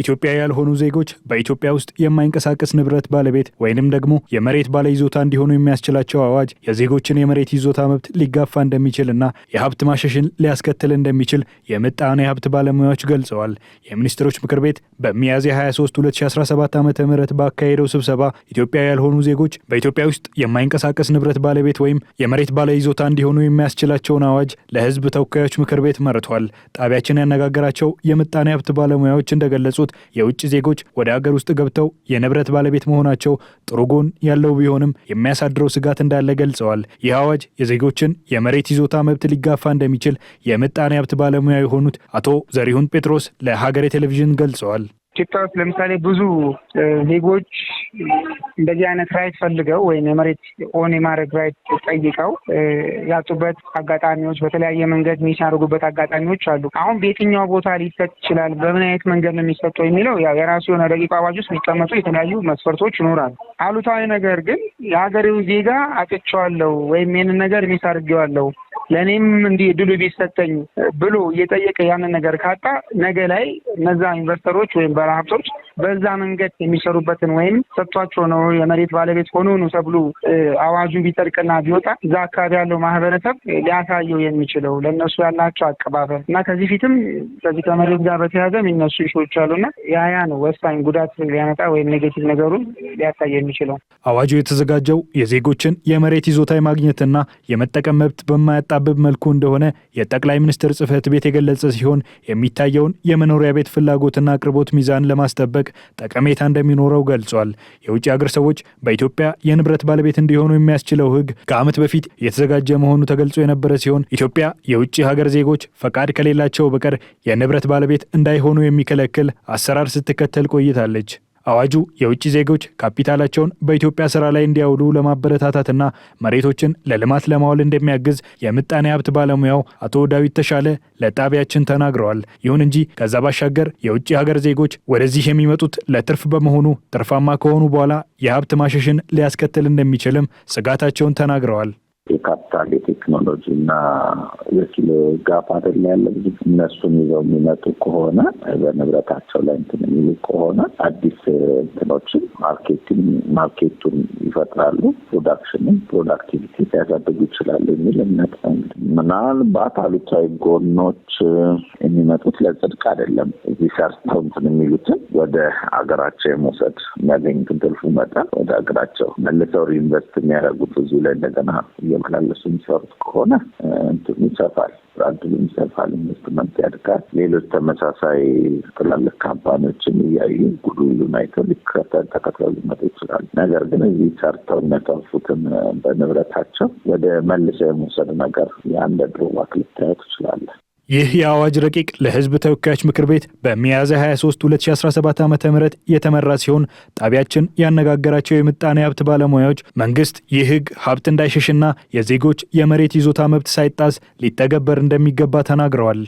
ኢትዮጵያ ያልሆኑ ዜጎች በኢትዮጵያ ውስጥ የማይንቀሳቀስ ንብረት ባለቤት ወይንም ደግሞ የመሬት ባለ ይዞታ እንዲሆኑ የሚያስችላቸው አዋጅ የዜጎችን የመሬት ይዞታ መብት ሊጋፋ እንደሚችል እና የሀብት ማሸሽን ሊያስከትል እንደሚችል የምጣኔ ሀብት ባለሙያዎች ገልጸዋል። የሚኒስትሮች ምክር ቤት በሚያዝያ 23 2017 ዓ ም ባካሄደው ስብሰባ ኢትዮጵያ ያልሆኑ ዜጎች በኢትዮጵያ ውስጥ የማይንቀሳቀስ ንብረት ባለቤት ወይም የመሬት ባለ ይዞታ እንዲሆኑ የሚያስችላቸውን አዋጅ ለሕዝብ ተወካዮች ምክር ቤት መርቷል። ጣቢያችን ያነጋገራቸው የምጣኔ ሀብት ባለሙያዎች እንደገለጹት የሚሆኑት የውጭ ዜጎች ወደ አገር ውስጥ ገብተው የንብረት ባለቤት መሆናቸው ጥሩ ጎን ያለው ቢሆንም የሚያሳድረው ስጋት እንዳለ ገልጸዋል። ይህ አዋጅ የዜጎችን የመሬት ይዞታ መብት ሊጋፋ እንደሚችል የምጣኔ ሀብት ባለሙያ የሆኑት አቶ ዘሪሁን ጴጥሮስ ለሀገሬ ቴሌቪዥን ገልጸዋል። ኢትዮጵያ ውስጥ ለምሳሌ ብዙ ዜጎች እንደዚህ አይነት ራይት ፈልገው ወይም የመሬት ኦን የማድረግ ራይት ጠይቀው ያጡበት አጋጣሚዎች፣ በተለያየ መንገድ ሚስ ያደርጉበት አጋጣሚዎች አሉ። አሁን በየትኛው ቦታ ሊሰጥ ይችላል፣ በምን አይነት መንገድ ነው የሚሰጠው የሚለው ያው የራሱ የሆነ ረቂቅ አዋጅ ውስጥ የሚቀመጡ የተለያዩ መስፈርቶች ይኖራሉ። አሉታዊ ነገር ግን የሀገሬው ዜጋ አጥቼዋለሁ ወይም ይህንን ነገር ሚስ የሚሳርጌዋለሁ ለእኔም እንዲህ እድሉ ቢሰጠኝ ብሎ እየጠየቀ ያንን ነገር ካጣ ነገ ላይ እነዛ ኢንቨስተሮች ወይም ባለሀብቶች በዛ መንገድ የሚሰሩበትን ወይም ሰጥቷቸው ነው የመሬት ባለቤት ሆኖ ነው ተብሎ አዋጁ ቢጠርቅና ቢወጣ እዛ አካባቢ ያለው ማህበረሰብ ሊያሳየው የሚችለው ለእነሱ ያላቸው አቀባበል እና ከዚህ ፊትም ከዚህ ከመሬት ጋር በተያያዘ የሚነሱ ሾዎች አሉና ያ ነው ወሳኝ ጉዳት ሊያመጣ ወይም ኔጌቲቭ ነገሩ ሊያሳይ የሚችለው። አዋጁ የተዘጋጀው የዜጎችን የመሬት ይዞታ የማግኘትና የመጠቀም መብት በማያጣብብ መልኩ እንደሆነ የጠቅላይ ሚኒስትር ጽህፈት ቤት የገለጸ ሲሆን የሚታየውን የመኖሪያ ቤት ፍላጎትና አቅርቦት ሚዛን ለማስጠበቅ ጠቀሜታ እንደሚኖረው ገልጿል። የውጭ ሀገር ሰዎች በኢትዮጵያ የንብረት ባለቤት እንዲሆኑ የሚያስችለው ህግ ከዓመት በፊት የተዘጋጀ መሆኑ ተገልጾ የነበረ ሲሆን ኢትዮጵያ የውጭ ሀገር ዜጎች ፈቃድ ከሌላቸው በቀር የንብረት ባለቤት እንዳይሆኑ የሚከለክል አሰራር ስትከተል ቆይታለች። አዋጁ የውጭ ዜጎች ካፒታላቸውን በኢትዮጵያ ስራ ላይ እንዲያውሉ ለማበረታታትና መሬቶችን ለልማት ለማዋል እንደሚያግዝ የምጣኔ ሀብት ባለሙያው አቶ ዳዊት ተሻለ ለጣቢያችን ተናግረዋል። ይሁን እንጂ ከዛ ባሻገር የውጭ ሀገር ዜጎች ወደዚህ የሚመጡት ለትርፍ በመሆኑ ትርፋማ ከሆኑ በኋላ የሀብት ማሸሽን ሊያስከትል እንደሚችልም ስጋታቸውን ተናግረዋል። የካፒታል የቴክኖሎጂ እና የኪሎ ጋፕ አይደለ ያለ ብዙ እነሱን ይዘው የሚመጡ ከሆነ በንብረታቸው ላይ እንትን የሚሉ ከሆነ አዲስ እንትኖችን ማርኬቲንግ ማርኬቱን ይፈጥራሉ፣ ፕሮዳክሽንን ፕሮዳክቲቪቲ ሊያሳድጉ ይችላሉ የሚል እምነት ነው። እንግዲህ ምናልባት አሉታዊ ጎኖች የሚመጡት ለጽድቅ አይደለም። እዚህ ሰርተው እንትን የሚሉትን ወደ አገራቸው የመውሰድ የሚያገኙትን ትርፉ መጠን ወደ አገራቸው መልሰው ሪኢንቨስት የሚያደርጉት ብዙ ላይ እንደገና እየመላለሱ የሚሰሩት ከሆነ እንትኑ ይሰፋል፣ ብራንዱ ይሰፋል፣ ኢንቨስትመንት ያድጋል። ሌሎች ተመሳሳይ ትላልቅ ካምፓኒዎችን እያዩ ጉዱ አይተው ሊከተል ተከትለው ሊመጡ ይችላል። ነገር ግን እዚህ ሰርተው የሚያተርፉትን በንብረታቸው ወደ መልሰው የመውሰድ ነገር የአንድ ድሮ ባክ ልታየው ትችላለህ። ይህ የአዋጅ ረቂቅ ለሕዝብ ተወካዮች ምክር ቤት በሚያዝያ 23 2017 ዓ ም የተመራ ሲሆን ጣቢያችን ያነጋገራቸው የምጣኔ ሀብት ባለሙያዎች መንግስት ይህ ሕግ ሀብት እንዳይሸሽና የዜጎች የመሬት ይዞታ መብት ሳይጣስ ሊተገበር እንደሚገባ ተናግረዋል።